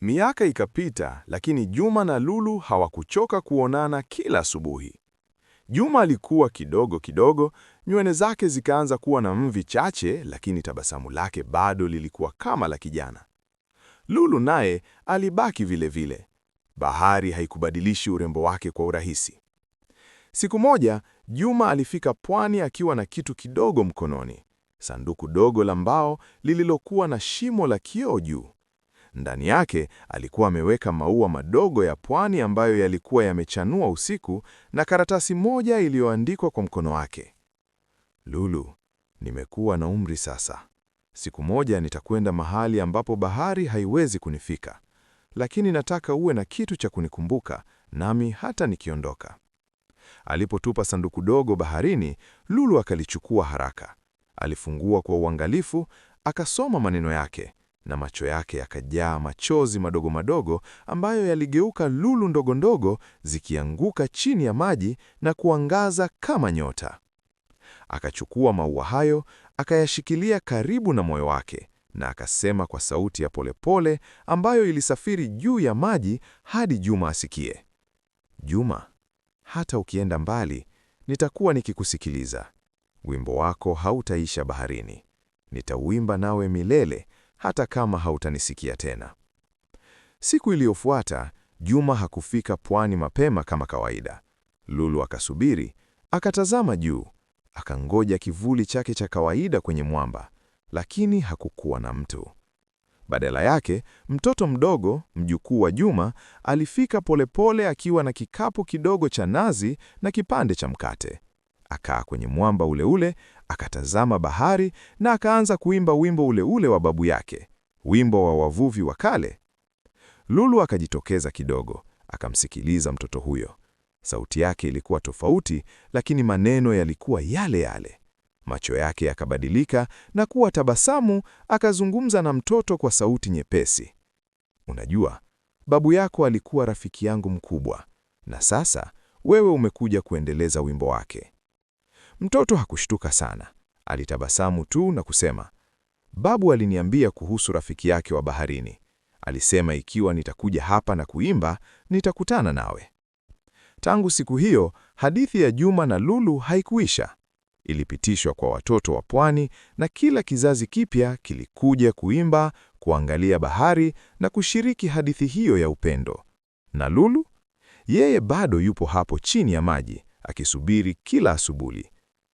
Miaka ikapita, lakini Juma na Lulu hawakuchoka kuonana kila asubuhi. Juma alikuwa kidogo kidogo, nywele zake zikaanza kuwa na mvi chache, lakini tabasamu lake bado lilikuwa kama la kijana. Lulu naye alibaki vile vile. Bahari haikubadilishi urembo wake kwa urahisi. Siku moja, Juma alifika pwani akiwa na kitu kidogo mkononi, sanduku dogo la mbao lililokuwa na shimo la kioo juu. Ndani yake alikuwa ameweka maua madogo ya pwani ambayo yalikuwa yamechanua usiku na karatasi moja iliyoandikwa kwa mkono wake. Lulu, nimekuwa na umri sasa. Siku moja nitakwenda mahali ambapo bahari haiwezi kunifika. Lakini nataka uwe na kitu cha kunikumbuka nami hata nikiondoka. Alipotupa sanduku dogo baharini, Lulu akalichukua haraka. Alifungua kwa uangalifu, akasoma maneno yake na macho yake yakajaa machozi madogo madogo ambayo yaligeuka lulu ndogo ndogo zikianguka chini ya maji na kuangaza kama nyota. Akachukua maua hayo, akayashikilia karibu na moyo wake na akasema kwa sauti ya polepole pole, ambayo ilisafiri juu ya maji hadi Juma asikie. Juma, hata ukienda mbali, nitakuwa nikikusikiliza. Wimbo wako hautaisha baharini. Nitauimba nawe milele hata kama hautanisikia tena. Siku iliyofuata Juma hakufika pwani mapema kama kawaida. Lulu akasubiri, akatazama juu, akangoja kivuli chake cha kawaida kwenye mwamba, lakini hakukuwa na mtu. Badala yake, mtoto mdogo, mjukuu wa Juma, alifika polepole pole akiwa na kikapu kidogo cha nazi na kipande cha mkate. Akaa kwenye mwamba ule ule akatazama bahari na akaanza kuimba wimbo ule ule wa babu yake, wimbo wa wavuvi wa kale. Lulu akajitokeza kidogo, akamsikiliza mtoto huyo. Sauti yake ilikuwa tofauti, lakini maneno yalikuwa yale yale. Macho yake yakabadilika na kuwa tabasamu, akazungumza na mtoto kwa sauti nyepesi. Unajua, babu yako alikuwa rafiki yangu mkubwa, na sasa wewe umekuja kuendeleza wimbo wake. Mtoto hakushtuka sana, alitabasamu tu na kusema, babu aliniambia kuhusu rafiki yake wa baharini. Alisema ikiwa nitakuja hapa na kuimba, nitakutana nawe. Tangu siku hiyo, hadithi ya Juma na Lulu haikuisha. Ilipitishwa kwa watoto wa pwani na kila kizazi kipya kilikuja kuimba, kuangalia bahari na kushiriki hadithi hiyo ya upendo. Na Lulu? Yeye bado yupo hapo chini ya maji, akisubiri kila asubuhi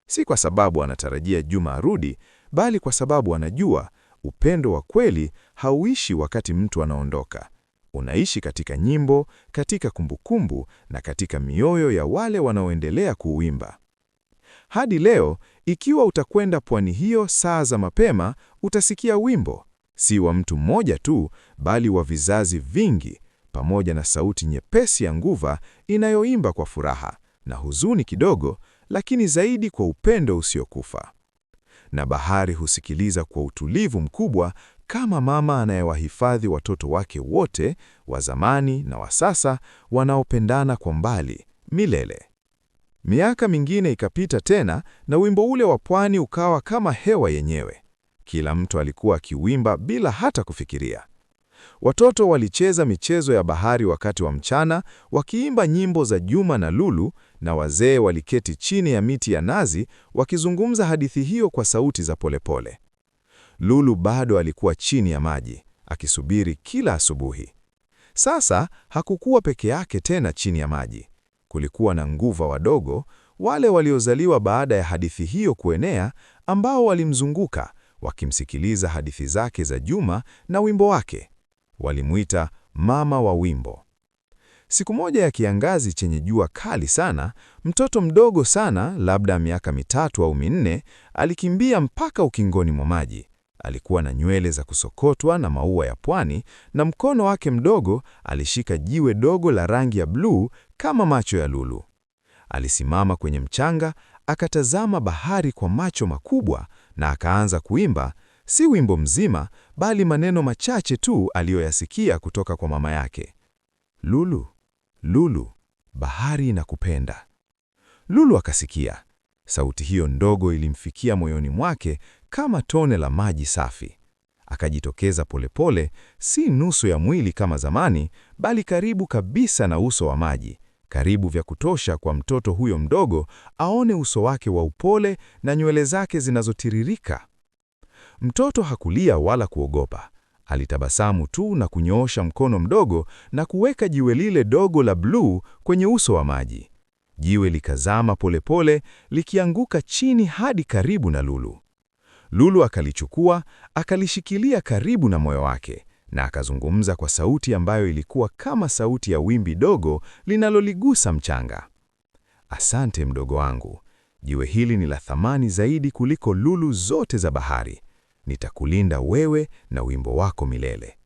si kwa sababu anatarajia Juma arudi, bali kwa sababu anajua upendo wa kweli hauishi wakati mtu anaondoka. Unaishi katika nyimbo, katika kumbukumbu na katika mioyo ya wale wanaoendelea kuuimba. Hadi leo, ikiwa utakwenda pwani hiyo saa za mapema, utasikia wimbo, si wa mtu mmoja tu, bali wa vizazi vingi, pamoja na sauti nyepesi ya nguva inayoimba kwa furaha na huzuni kidogo, lakini zaidi kwa upendo usiokufa. Na bahari husikiliza kwa utulivu mkubwa, kama mama anayewahifadhi watoto wake wote wa zamani na wa sasa, wanaopendana kwa mbali milele. Miaka mingine ikapita tena, na wimbo ule wa pwani ukawa kama hewa yenyewe. Kila mtu alikuwa akiwimba bila hata kufikiria. Watoto walicheza michezo ya bahari wakati wa mchana, wakiimba nyimbo za Juma na Lulu, na wazee waliketi chini ya miti ya nazi wakizungumza hadithi hiyo kwa sauti za polepole. Lulu bado alikuwa chini ya maji, akisubiri kila asubuhi. Sasa hakukuwa peke yake tena chini ya maji. Kulikuwa na nguva wadogo, wale waliozaliwa baada ya hadithi hiyo kuenea, ambao walimzunguka wakimsikiliza hadithi zake za Juma na wimbo wake. Walimuita mama wa wimbo. Siku moja ya kiangazi chenye jua kali sana, mtoto mdogo sana, labda miaka mitatu au minne, alikimbia mpaka ukingoni mwa maji. Alikuwa na nywele za kusokotwa na maua ya pwani, na mkono wake mdogo alishika jiwe dogo la rangi ya bluu kama macho ya lulu. Alisimama kwenye mchanga, akatazama bahari kwa macho makubwa na akaanza kuimba si wimbo mzima, bali maneno machache tu aliyoyasikia kutoka kwa mama yake. Lulu, Lulu, bahari inakupenda. Lulu akasikia. Sauti hiyo ndogo ilimfikia moyoni mwake kama tone la maji safi. Akajitokeza polepole, si nusu ya mwili kama zamani, bali karibu kabisa na uso wa maji, karibu vya kutosha kwa mtoto huyo mdogo aone uso wake wa upole na nywele zake zinazotiririka. Mtoto hakulia wala kuogopa. Alitabasamu tu na kunyoosha mkono mdogo na kuweka jiwe lile dogo la bluu kwenye uso wa maji. Jiwe likazama polepole pole, likianguka chini hadi karibu na Lulu. Lulu akalichukua, akalishikilia karibu na moyo wake na akazungumza kwa sauti ambayo ilikuwa kama sauti ya wimbi dogo linaloligusa mchanga. Asante mdogo wangu. Jiwe hili ni la thamani zaidi kuliko lulu zote za bahari nitakulinda wewe na wimbo wako milele.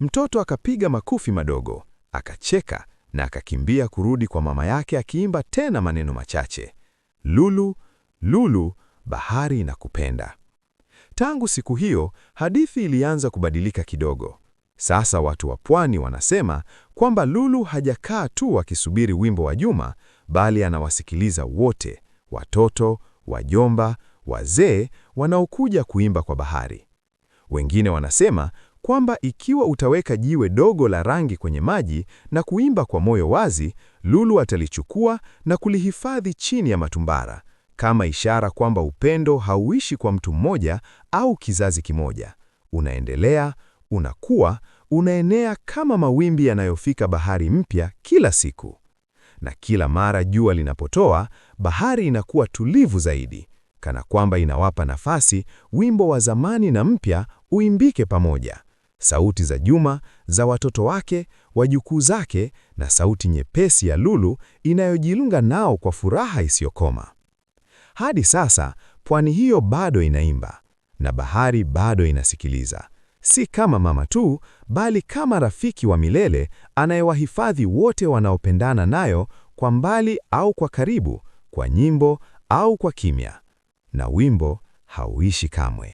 Mtoto akapiga makofi madogo, akacheka na akakimbia kurudi kwa mama yake akiimba tena maneno machache, Lulu, Lulu, bahari inakupenda. Tangu siku hiyo hadithi ilianza kubadilika kidogo. Sasa watu wa pwani wanasema kwamba Lulu hajakaa tu akisubiri wimbo wa Juma, bali anawasikiliza wote, watoto, wajomba, wazee wanaokuja kuimba kwa bahari. Wengine wanasema kwamba ikiwa utaweka jiwe dogo la rangi kwenye maji na kuimba kwa moyo wazi, Lulu atalichukua na kulihifadhi chini ya matumbara, kama ishara kwamba upendo hauishi kwa mtu mmoja au kizazi kimoja. Unaendelea, unakuwa, unaenea kama mawimbi yanayofika bahari mpya kila siku. Na kila mara jua linapotoa, bahari inakuwa tulivu zaidi kana kwamba inawapa nafasi wimbo wa zamani na mpya uimbike pamoja, sauti za Juma, za watoto wake, wajukuu zake, na sauti nyepesi ya Lulu inayojilunga nao kwa furaha isiyokoma. Hadi sasa pwani hiyo bado inaimba na bahari bado inasikiliza, si kama mama tu, bali kama rafiki wa milele anayewahifadhi wote wanaopendana nayo, kwa mbali au kwa karibu, kwa nyimbo au kwa kimya na wimbo hauishi kamwe.